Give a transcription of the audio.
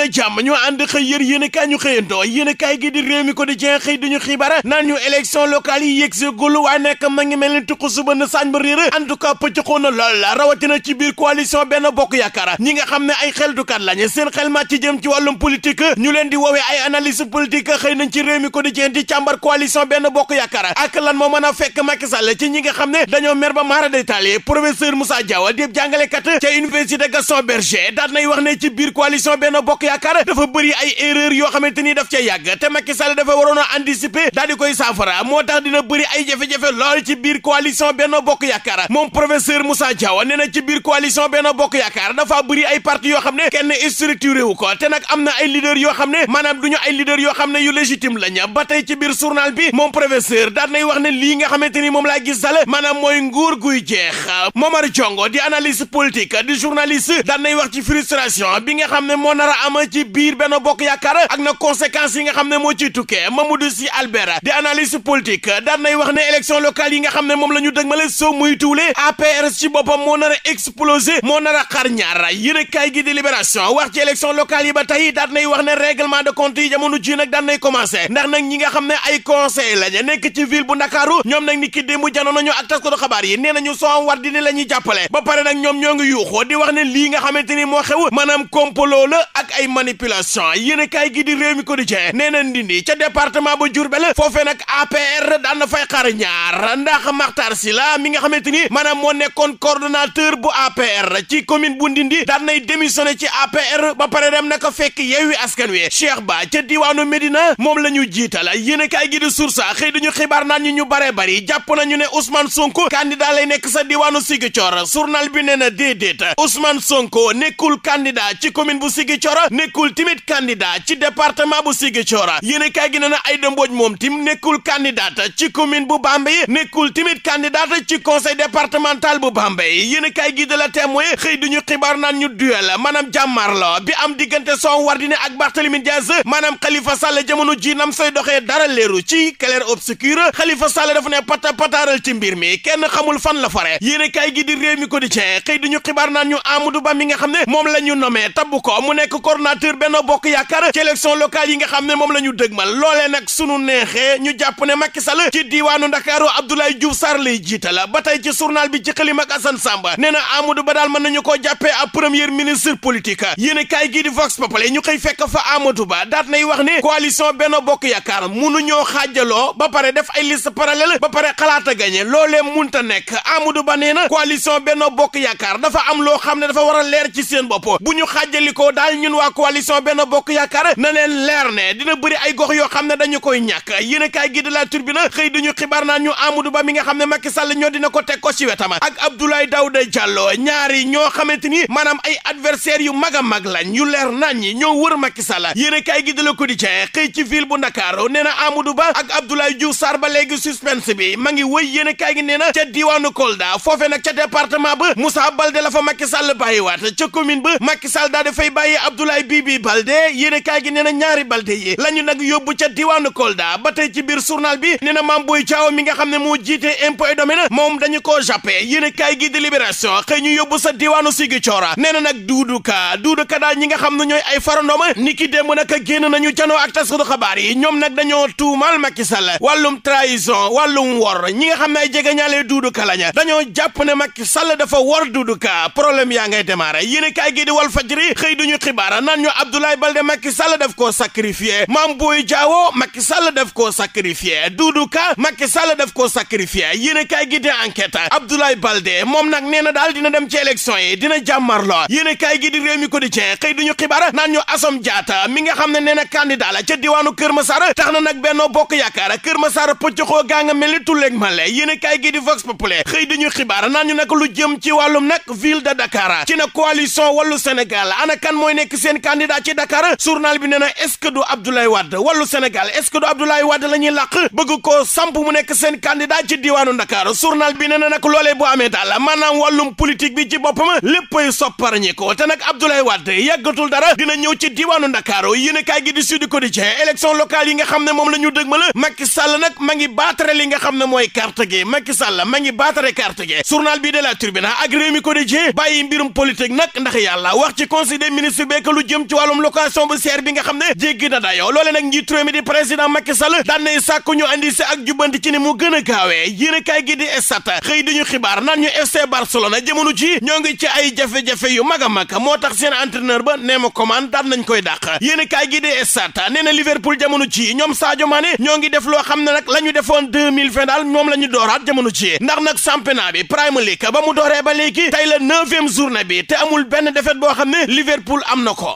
a jàmm ñu ànd xëy yër yéen i kaay ñu xëyantoo yéen i kaay gi di réew mi ko di jeex xëy diñu xibaar naan ñu élection locale yi yëg si gul waaye nekk ma ngi mel saañ ba réer en tout cas pëccxoo na lool la rawatina ci biir coalition benn bokk yaakaar ñi nga xam ne ay xeltukat lañ seen xel màcc ci jëm ci wàllum politique ñu leen di woowee ay analyse politique xëy nañ ci réew mi ko di jeex di càmbar coalition benn bokk yaakaar ak lan moo a fekk yaakaar dafa bëri ay erreur yoo xamante ni daf ca yàgg te Macky Sall dafa waroon a anticiper daal di koy saafara moo tax dina bëri ay jafe-jafe lool ci biir coalition Benno Bokk Yaakaar moom professeur Moussa Diaw nee na ci biir coalition Benno Bokk Yaakaar dafa bëri ay parti yoo xam ne kenn structuré wu ko te nag am na ay leader yoo xam ne maanaam du ay leader yoo xam ne yu légitime lañ ba tey ci biir journal bi moom professeur daal nay wax ne lii nga xamante ni moom laa gis daal mooy nguur guy jeex Momar di analyste politique di journaliste daal nay wax ci frustration bi nga xam ne moo nar a ci biir benn bokk yaakaar ak na conséquences yi nga xam ne moo ciy tukkee Mamadou Sy Albert di analyste politique daan nay wax ne élection locale yi nga xam ne moom la ñu dëgmale soo muy tuule APR ci boppam moo nar a explosé moo nar a xar ñaar yéen kaay gi di Libération wax ci élection locale yi ba tey daan nay wax ne règlement de compte yi jamono ji nag daan nay commencé ndax nag ñi nga xam ne ay conseil lañu nekk ci ville bu Ndakaaru ñoom nag ni ki démb janoon nañu ak taskatu xabaar yi nee nañu Soham Wardini la ñuy jàppale ba pare nag ñoom ñoo ngi yuuxoo di wax ne lii nga xamante ni moo xew maanaam complot la ak ay manipulation yéen a gi di réew mi quotidien nee na Ndindi ca département ba Diourbel foofee nag a daan na fay xar ñaar ndax Makhtar Sylla mi nga xamante ni maanaam moo nekkoon coordonnateur bu APR ci commune bu Ndindi daan nay démissionné ci APR ba pare dem na ko fekk Yewwi Askan we Cheikh Ba ca diwaanu Médina moom la ñu jiital yéen a kaay gi di source xëy dañu xibaar naan ñu ñu bare bari jàpp nañu ne Ousmane Sonko candidat lay nekk sa diwaanu Ziguinchor journal bi nee na déedéet Ousmane Sonko nekkul candidat ci commune bu Ziguinchor nekkul timit candidat ci département bu Ziguinchor yéen kaay gi nee na Aïda Mbodj moom tim nekkul candidate ci commune bu Bambey nekkul timit candidate ci conseil départemental bu Bambey yéen kaay gi de la témoin xëy du ñu xibaar naan ñu duel maanaam jàmmarloo bi am diggante Soham Wardini ak Barthélémy Dias maanaam Khalifa Sall jamono ji nam say doxee dara leeru ci clair obscur Khalifa Sall dafa ne pata pataaral ci mbir mi kenn xamul fan la fare yéen kaay gi di réew mi quotidien xëy coordonnateur benn Bokk Yaakaar ci élection locale yi nga xam ne moom la ñu dëgmal loolee nag sunu neexee ñu jàpp ne Macky Sall ci diiwaanu Ndakaaru Abdoulaye Diouf Sarr lay jiitala ba tey ci journal bi ci xëlim ak Assane Samba nee na Amadou Ba daal mën nañu koo jàppee ab premier ministre politique yéen a kaay gii di Vox fekk fa Amadou Ba daat nay wax ne coalition benn Bokk Yaakaar munuñoo xaajaloo ba pare def ay liste parallèle ba pare xalaat a gagné loolee munta nekk Amadou Ba nee na coalition Benno Bokk Yaakaar dafa am loo xam ne dafa war a leer ci seen bopp bu ñu xaajalikoo daal coalition benn bokk yaakaar na leen leer ne dina bëri ay gox yoo xam ne dañu koy ñàkk yéen a kaay gi de la Tribune xëy dañu xibaar naa ñu Amadou Ba mi nga xam ne Macky Sall ñoo dina ko teg ko ci wetam ak Abdoulaye Daouda Diallo ñaari ñoo xamante ni maanaam ay adversaires yu mag a mag lañ yu leer nañ ñoo wër Macky Sall yéen a kaay gi de la Quotidien xëy ci ville bu Ndakaaru nee na Amadou Ba ak Abdoulaye Diouf Sarr ba léegi suspense bi ma ngi wëy yéen a kaay gi nee na ca diwaanu Kolda foofe nag ca département ba Moussa Balde la fa Macky Sall bàyyiwaat ca commune ba Macky Sall daal di fay kaay bii bii balde yéene kaay gi nee na ñaari balde yi la ñu nag yóbbu ca diwaanu Kolda ba tey ci biir journal bi nee na Mame Boye Diao mi nga xam ne moo jiite impôt et domaine moom dañu koo jàppe yéene kaay gi di libération xëy ñu yóbbu sa diwaanu Ziguinchor nee na nag Doudou Ka Doudou Ka ñi nga xam ne ñooy ay farandoom ni ki démb nag génn nañu janoo ak taskatu xabaar yi ñoom nag dañoo tuumal Macky Sall wàllum trahison wàllum wor ñi nga xam ne ay jegeñaale Doudou Ka laña dañoo jàpp ne Macky Sall dafa wor Doudou Ka problème yaa ngay démarré yéene kaay gi di naan ñu Abdoulaye Balde Macky Sall def koo sacrifié Mame Boye Diao Macky Sall def koo sacrifié Doudou Ka Macky Sall def koo sacrifié yéen a kaay gi di enquête Abdoulaye Balde moom nag nee na daal dina dem ci élection yi dina jàmmarloo yéen a kaay gi di réew mi quotidien xëy duñu xibaar ñu Assome Diatta mi nga xam ne nee na candidat la ca diwaanu Kër Massar tax na nag Benno Bokk Yaakaar Kër Massar pëccaxoo gaa nga mel ni tulleeg male yéen a kaay gi di Vox Populi xëy dañu xibaar naan ñu nag lu jëm ci wàllum nag ville de Dakar ci na coalition wàllu Sénégal ana kan mooy nekk seen seen candidat ci Dakar journal bi nee na est-ce que du Abdoulaye Wade wàllu Sénégal est du Abdoulaye Wade la ñuy bëgg koo samp nekk seen candidat ci diwaanu Dakar journal bi nee na nag loolee bu amee daal maanaam wàllum politique bi ci boppam léppay sopparñi ko te nag Abdoulaye Wade yàggatul dara dina ñëw ci diwaanu Dakar yéen kaay gi di Sud Quotidien élection locale yi nga xam ne moom la ñu dëgmal Macky Sall nag ma baatare li nga xam mooy carte gi Macky jëm ci wàllum location bu seer bi nga xam ne jéggi na dayoo loole nag njiitu réew mi di président Macky Sall daan nay ñu andi si ak jubbanti ci ni mu gën a gaawee yéen kaay gi di Stades xëy di ñu xibaar naan ñu FC Barcelone jamono ci ñoo ngi ci ay jafe-jafe yu mag a mag moo tax seen entraîneur ba Néma Coman daan nañ koy dàq yéen a kaay gi di Stades nee na Liverpool jamono ci ñoom Sadio Mané ñoo ngi def loo xam ne nag la ñu defoon 2020 daal moom la ñu dooraat jamono ci ndax nag championnat bi Premier League ba mu dooree ba léegi tey la neuvième journée bi te amul benn défaite boo xam ne Liverpool am na ko